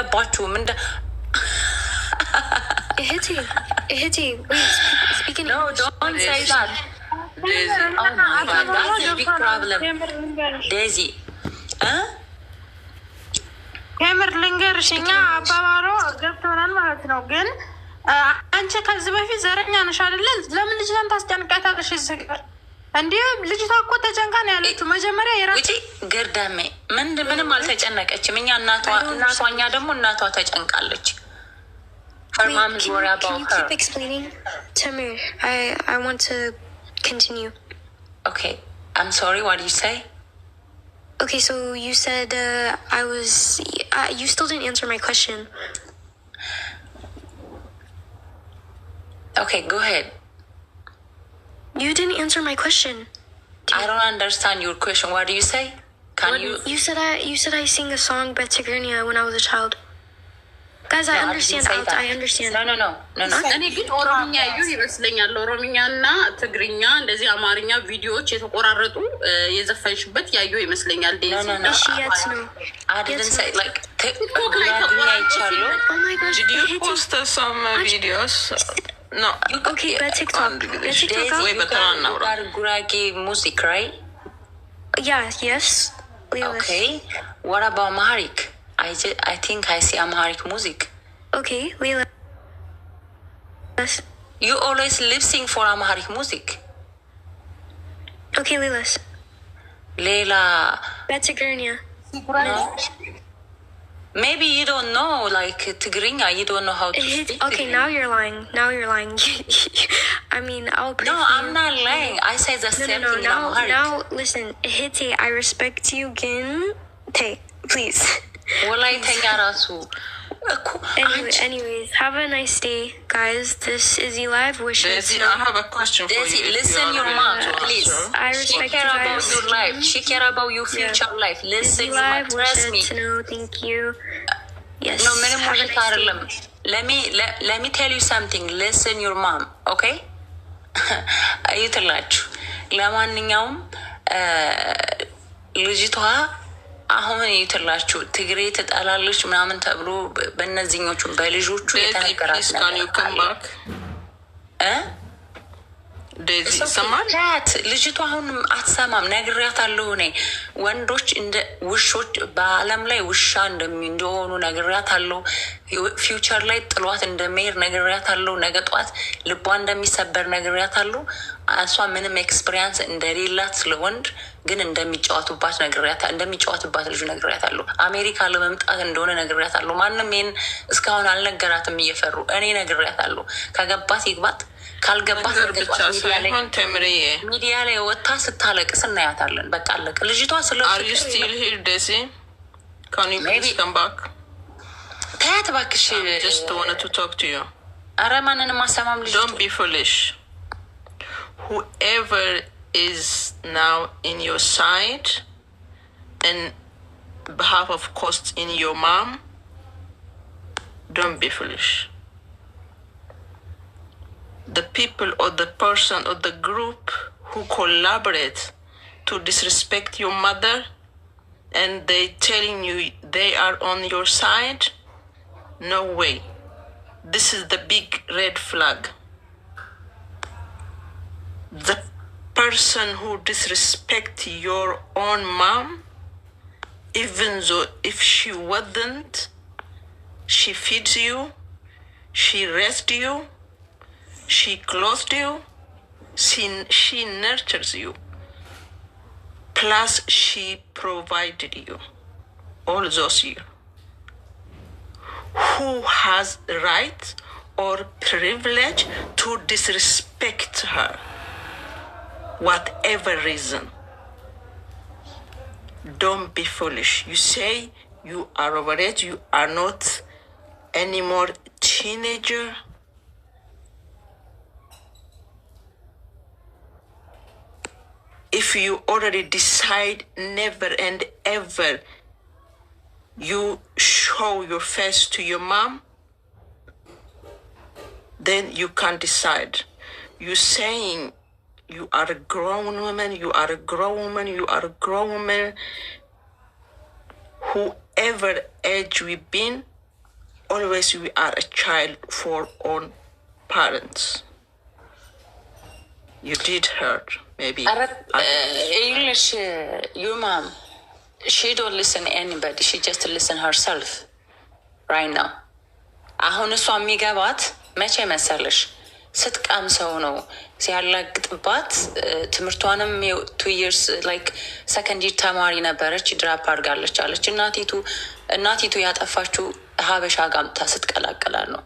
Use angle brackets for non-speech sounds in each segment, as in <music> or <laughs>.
አልገባችሁም እንደ እህቴ እህቴ ዴዚ oh የምር ልንገርሽ እኛ አባባሮ ገብቶናል ማለት ነው። ግን አንቺ ከዚህ በፊት ዘረኛ ነሽ አይደለ? ለምን ልጅ ታስጨንቃታለሽ? እንዴ ልጅቷ እኮ ተጨንቃ ነው ያለችው። መጀመሪያ የራሱ ግርዳሜ ምን ምንም አልተጨነቀችም። እኛ እናቷ እናቷ እኛ ደግሞ እናቷ ተጨንቃለች። Okay, go ahead. You didn't answer my question. Did I don't understand your question. What do you say? Can what, you? You said I. You said I sing a song by Tigrinya when I was a child. Guys, no, I understand. I, I understand. No, no, no, no, no. እኔ ግን ኦሮምኛ ይሁን ይመስለኛል። ኦሮምኛ እና ትግርኛ እንደዚህ አማርኛ ቪዲዮዎች የተቆራረጡ የዘፈንሽበት ያየሁ ይመስለኛል። ዴዚ ነው። እሺ፣ የት ነው? አይደለም ሳይ ላይክ ቲክቶክ ላይ ተቆራርጦ ይቻሉ። ዲድ ዩ ፖስት ሰም ቪዲዮስ no. You, okay, በቲክቶክ you ወይ በተራ እናውራ። ጉራጌ music? right? Yeah, yes. Okay. What about Amharic? I, I think I see Amharic music. Okay, ሊውስ You always lip sing for Amharic music. Okay, ሊውስ ሌላ በትግርኛ No. Maybe you don't know like Tigrinya. You don't know how to speak. Okay, Tigrinya. now you're lying. Now you're lying. <laughs> I mean, I'll. No, I'm not lying. I say the no, same no, no, thing. Now, now, listen, Hiti. I respect you, Gin. Take, please. والله تنگرا تو Anyway, anyways, have a nice day, guys. This is Elive Wishes. Daisy, I have a question for you. listen your mom, please. I respect she care you about your life. She care about your future yeah. life. Listen, your mom. Trust me. To know. Thank you. Yes. No, have have a nice day. let me let, let me tell you something. Listen, your mom. Okay. አይተላችሁ ለማንኛውም ልጅቷ አሁን የትላችሁ ትግሬ ትጠላለች ምናምን ተብሎ በእነዚህኞቹ በልጆቹ የተነገራት እንደዚህ ይሰማል። ልጅቷ አሁንም አትሰማም። ነግሬያታለሁ። እኔ ወንዶች እንደ ውሾች በዓለም ላይ ውሻ እንደሆኑ ነግሬያታለሁ። ፊውቸር ላይ ጥሏት እንደሚሄድ ነግሬያታለሁ። ነገ ጠዋት ልቧ እንደሚሰበር ነግሬያታለሁ። እሷ ምንም ኤክስፔሪንስ እንደሌላት ስለወንድ ግን እንደሚጫወቱባት ነግሬያታለሁ። እንደሚጫወቱባት ልጁ ነግሬያታለሁ። አሜሪካ ለመምጣት እንደሆነ ነግሬያታለሁ። ማንም ይህን እስካሁን አልነገራትም እየፈሩ እኔ ነግሬያታለሁ። ከገባት ይግባት ካልገባት ሚዲያ ላይ ወጥታ ስታለቅስ እናያታለን። በቃ አለቀ። ልጅቷ ስለ ታያት እባክሽ። ኧረ ማንንም አሰማም ልጅ whoever is now in your side and behalf of cost in your mom don't be foolish the people or the person or the group who collaborate to disrespect your mother and they telling you they are on your side no way this is the big red flag the person who disrespect your own mom even though if she wasn't she feeds you she rests you she clothed you, she, she nurtures you, plus she provided you all those years. Who has right or privilege to disrespect her? Whatever reason. Don't be foolish. You say you are over it, you are not anymore teenager if you already decide never and ever you show your face to your mom then you can not decide you saying you are a grown woman you are a grown woman you are a grown woman whoever age we've been always we are a child for own parents you did hurt Uh, English, uh, your mom, she don't listen anybody. She just listen herself right now. አሁን እሷ የሚገባት መቼ መሰለሽ ስትቃም ሰው ነው ሲያላግጥባት። ትምህርቷንም ቱ ይርስ ላይክ ሰከንዲር ተማሪ ነበረች፣ ድራፕ አድርጋለች አለች እናቲቱ። እናቲቱ ያጠፋችው ሀበሻ ጋምታ ስትቀላቀላል ነው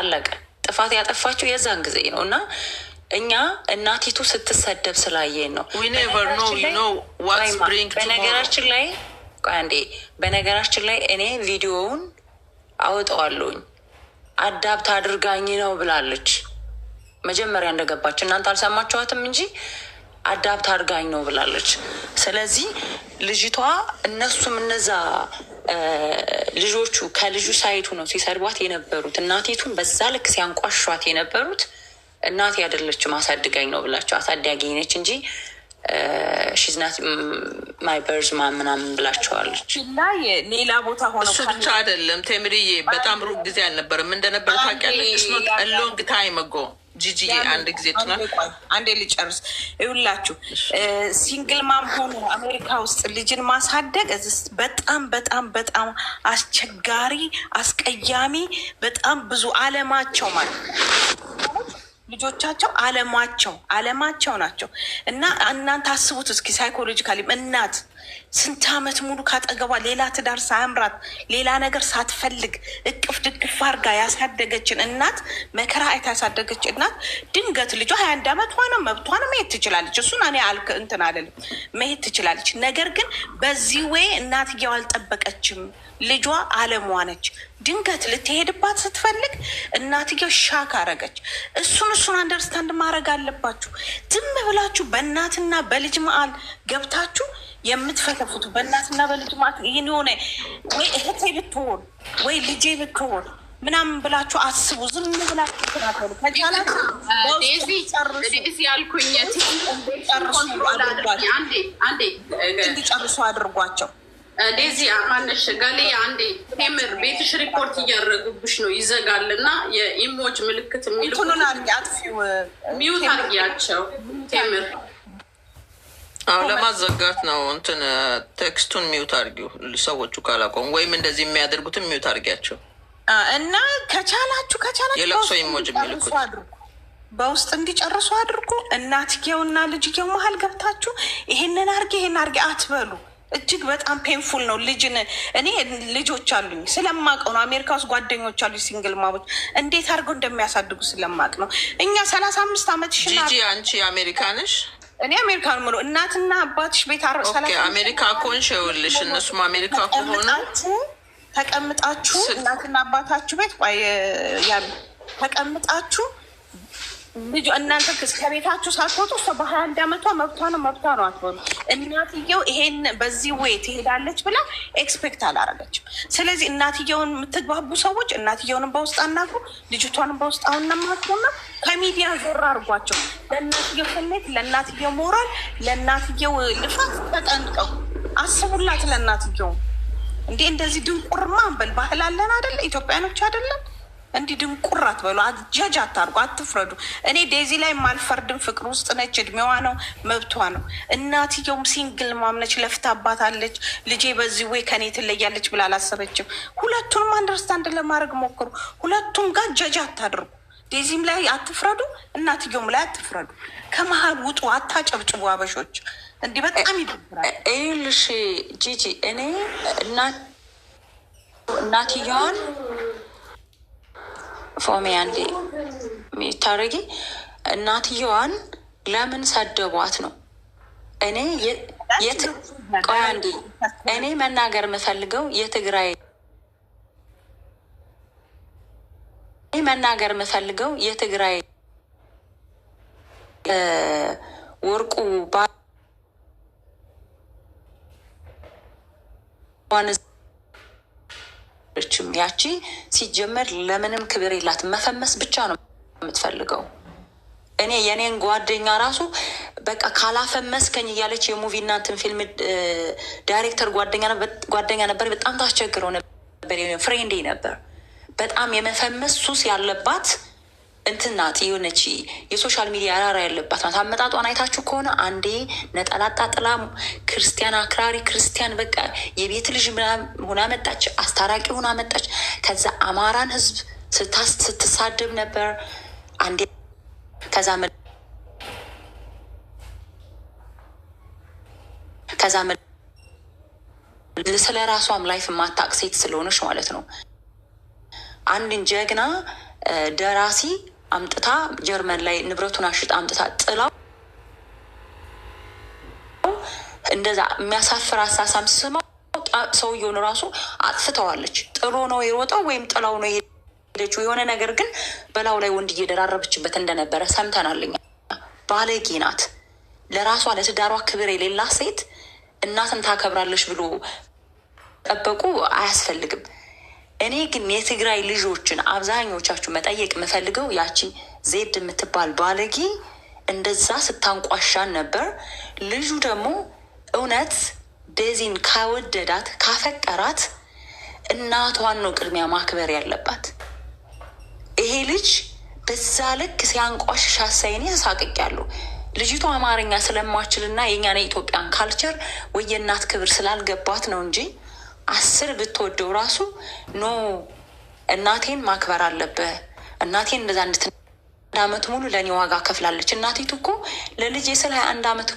አለቀ። ጥፋት ያጠፋችው የዛን ጊዜ ነው እና እኛ እናቲቱ ስትሰደብ ስላየን ነው። በነገራችን ላይ አንዴ በነገራችን ላይ እኔ ቪዲዮውን አወጣዋለሁኝ አዳብት አድርጋኝ ነው ብላለች። መጀመሪያ እንደገባች እናንተ አልሰማችኋትም እንጂ አዳብት አድርጋኝ ነው ብላለች። ስለዚህ ልጅቷ እነሱም እነዛ ልጆቹ ከልጁ ሳይቱ ነው ሲሰድቧት የነበሩት እናቴቱን በዛ ልክ ሲያንቋሿት የነበሩት እናት አይደለችም አሳድጋኝ ነው ብላቸው አሳዳጊ ነች እንጂ ሽዝናት ማይ በርዝ ምናምን ብላቸዋለች። ሌላ ቦታ ሆነ እሱ ብቻ አይደለም ቴምርዬ፣ በጣም ሩቅ ጊዜ አልነበረም እንደነበረ ታውቂያለሽ። ሎንግ ታይም ጎ ጂጂ አንድ ጊዜ ችላል አንዴ ልጨርስ ይውላችሁ። ሲንግል ማም ሆኖ አሜሪካ ውስጥ ልጅን ማሳደግ በጣም በጣም በጣም አስቸጋሪ፣ አስቀያሚ በጣም ብዙ አለማቸው ማለት ነው ልጆቻቸው አለማቸው አለማቸው ናቸው እና እናንተ አስቡት እስኪ ሳይኮሎጂካሊ እናት ስንት ዓመት ሙሉ ካጠገቧ ሌላ ትዳር ሳያምራት ሌላ ነገር ሳትፈልግ እቅፍ ድግፍ አርጋ ያሳደገችን እናት መከራ አይታ ያሳደገች እናት ድንገት ልጇ ሀያ አንድ ዓመት ሆነ መብቷን መሄድ ትችላለች። እሱን እኔ አልክ እንትን አልልም፣ መሄድ ትችላለች። ነገር ግን በዚህ ወይ እናትየው አልጠበቀችም። ልጇ አለሟ ነች። ድንገት ልትሄድባት ስትፈልግ እናትየው ሻክ አረገች። እሱን እሱን አንደርስታንድ ማድረግ አለባችሁ። ዝም ብላችሁ በእናትና በልጅ መሃል ገብታችሁ የምትፈተፉት በእናትና በልጅ ማለት ይህን የሆነ ወይ እህቴ ብትሆን ወይ ልጄ ብትሆን ምናምን ብላችሁ አስቡ። ዝም ብላችሁ ትናገሩ እንዲጨርሱ አድርጓቸው። ዴዚ ማነሽ ገሌ አንዴ ቴምር ቤትሽ ሪፖርት እያደረጉብሽ ነው። ይዘጋል እና የኢሞጅ ምልክት የሚሉ ሚዩት አድርጊያቸው ቴምር አሁን ለማዘጋት ነው እንትን ቴክስቱን ሚውት አድርጊው፣ ሰዎቹ ካላቆሙ ወይም እንደዚህ የሚያደርጉትን ሚውት አርጊያቸው እና ከቻላችሁ ከቻላችሁ የለቅሶ ኢሞጅ የሚልኩት በውስጥ እንዲጨርሱ አድርጉ። እና ልጅየው መሀል ገብታችሁ ይሄንን አርጌ ይሄን አድርጌ አትበሉ። እጅግ በጣም ፔንፉል ነው። ልጅን እኔ ልጆች አሉኝ ስለማቀው ነው። አሜሪካ ውስጥ ጓደኞች አሉኝ ሲንግል ማሞች እንዴት አድርገው እንደሚያሳድጉ ስለማቅ ነው። እኛ ሰላሳ አምስት አመት ሽና አንቺ አሜሪካንሽ እኔ አሜሪካ ነው የምለው። እናትና አባትሽ ቤት አሜሪካ ከሆንሽ ይኸውልሽ፣ እነሱም አሜሪካ ከሆነ ተቀምጣችሁ እናትና አባታችሁ ቤት ተቀምጣችሁ ልጁ እናንተ ከቤታችሁ ሳትወጡ እሷ በሀያ አንድ አመቷ መብቷ ነው መብቷ ነው አትሆኑ። እናትየው ይሄን በዚህ ወይ ትሄዳለች ብላ ኤክስፔክት አላረገችም። ስለዚህ እናትየውን የምትግባቡ ሰዎች እናትየውንም በውስጥ አናግሩ፣ ልጅቷንም በውስጥ አሁን ነማትሆና ከሚዲያ ዞር አድርጓቸው። ለእናትየው ስሜት፣ ለእናትየው ሞራል፣ ለእናትየው ልፋት ተጠንቀቁ። አስቡላት። ለእናትየውም እንዴ እንደዚህ ድንቁርማ በል ባህል አለን አደለ? ኢትዮጵያኖች አደለን? እንዲህ ድንቁር አትበሉ፣ ጃጅ አታርጉ፣ አትፍረዱ። እኔ ዴዚ ላይ ማልፈርድም። ፍቅር ውስጥ ነች፣ እድሜዋ ነው፣ መብቷ ነው። እናትየውም ሲንግል ማምነች፣ ለፍታ አባታለች። ልጄ በዚህ ወይ ከኔ ትለያለች ብላ አላሰበችም። ሁለቱንም አንደርስታንድ ለማድረግ ሞክሩ። ሁለቱም ጋር ጃጅ አታድርጉ። ዴዚም ላይ አትፍረዱ፣ እናትየውም ላይ አትፍረዱ። ከመሀል ውጡ፣ አታጨብጭቡ። አበሾች እንዲህ በጣም ይደብራል። ይኸውልሽ ጂጂ እኔ እናትየዋን ፎሚ አንዴ የሚታረጊ እናትየዋን ለምን ሰደቧት ነው? እኔ ቆይ አንዴ እኔ መናገር የምፈልገው የትግራይ መናገር የምፈልገው የትግራይ ወርቁ ባ ችም ያቺ ሲጀመር ለምንም ክብር የላት መፈመስ ብቻ ነው የምትፈልገው። እኔ የእኔን ጓደኛ ራሱ በቃ ካላፈመስከኝ እያለች የሙቪ እናንትን ፊልም ዳይሬክተር ጓደኛ ነበር። በጣም ታስቸግረው ነበር። ፍሬንዴ ነበር። በጣም የመፈመስ ሱስ ያለባት እንትን ናት የሆነች የሶሻል ሚዲያ ራራ ያለባት ናት። አመጣጧን አይታችሁ ከሆነ አንዴ ነጠላጣ ጥላ ክርስቲያን አክራሪ ክርስቲያን በቃ የቤት ልጅ ሆና መጣች፣ አስታራቂ ሆና መጣች። ከዛ አማራን ህዝብ ስትሳድብ ነበር አንዴ ከዛ ከዛ ስለ ራሷም ላይፍ የማታቅ ሴት ስለሆነች ማለት ነው አንድን ጀግና ደራሲ አምጥታ ጀርመን ላይ ንብረቱን አሽጣ አምጥታ ጥላው እንደዛ የሚያሳፍር አሳሳም ስማው ሰውየውን ራሱ አጥፍተዋለች። ጥሎ ነው የሮጠው ወይም ጥላው ነው የሄደችው። የሆነ ነገር ግን በላው ላይ ወንድ እየደራረበችበት እንደነበረ ሰምተናልኛ። ባለጌ ናት። ለራሷ ለትዳሯ ክብር የሌላ ሴት እናትን ታከብራለች ብሎ ጠበቁ አያስፈልግም። እኔ ግን የትግራይ ልጆችን አብዛኞቻችሁ መጠየቅ የምፈልገው ያቺ ዜድ የምትባል ባለጌ እንደዛ ስታንቋሻን ነበር። ልጁ ደግሞ እውነት ዴዚን ካወደዳት ካፈቀራት እናቷን ነው ቅድሚያ ማክበር ያለባት። ይሄ ልጅ በዛ ልክ ሲያንቋሽሻ ተሳቅቅ ያሉ ልጅቱ አማርኛ ስለማችልና የእኛን የኢትዮጵያን ካልቸር ወይ የእናት ክብር ስላልገባት ነው እንጂ አስር ብትወደው ራሱ ኖ እናቴን ማክበር አለብህ፣ እናቴን እንደዛ እንድት አንድ አመት ሙሉ ለእኔ ዋጋ ከፍላለች። እናቴቱ እኮ ለልጅ ስለ ሀያ አንድ አመት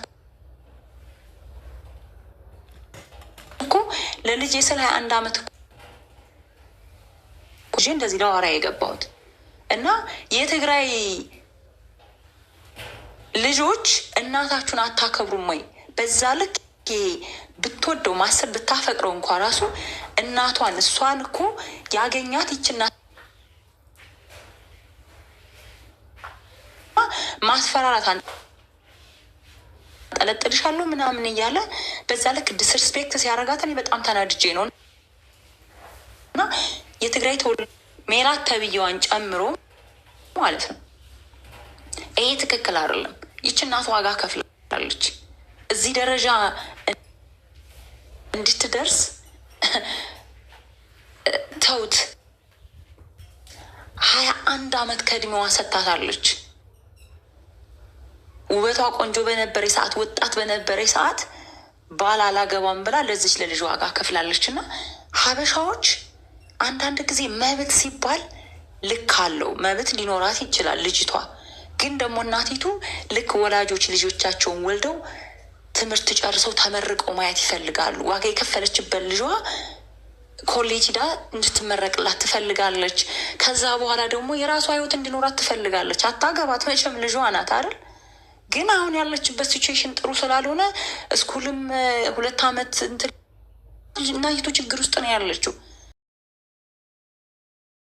እኮ ለልጅ ስለ ሀያ አንድ አመት እኮ ቁ እንደዚህ ለዋራ የገባሁት እና የትግራይ ልጆች እናታችሁን አታከብሩም ወይ? በዛ ልክ ብትወደው ማሰብ ብታፈቅረው እንኳ ራሱ እናቷን እሷን እኮ ያገኛት ይችና ማስፈራራት አንጠለጥልሻለሁ ምናምን እያለ በዛ ልክ ዲስርስፔክት ሲያደርጋት እኔ በጣም ተናድጄ ነው እና የትግራይ ተወላጅ ሜላት ተብዬዋን ጨምሮ ማለት ነው። ይሄ ትክክል አይደለም። ይች እናት ዋጋ ከፍላለች እዚህ ደረጃ እንድትደርስ ተውት። ሀያ አንድ አመት ከእድሜዋ ሰጥታታለች። ውበቷ ቆንጆ በነበረ ሰዓት፣ ወጣት በነበረ ሰዓት ባል አላገባም ብላ ለዚች ለልጅ ዋጋ ከፍላለች። እና ሀበሻዎች አንዳንድ ጊዜ መብት ሲባል ልክ አለው። መብት ሊኖራት ይችላል ልጅቷ ግን ደግሞ እናቲቱ ልክ ወላጆች ልጆቻቸውን ወልደው ትምህርት ጨርሰው ተመርቀው ማየት ይፈልጋሉ። ዋጋ የከፈለችበት ልጇ ኮሌጅ ሂዳ እንድትመረቅላት ትፈልጋለች። ከዛ በኋላ ደግሞ የራሷ ህይወት እንዲኖራት ትፈልጋለች። አታገባት መቼም ልጇ ናት አይደል? ግን አሁን ያለችበት ሲቹዌሽን ጥሩ ስላልሆነ እስኩልም ሁለት አመት እና ይቶ ችግር ውስጥ ነው ያለችው።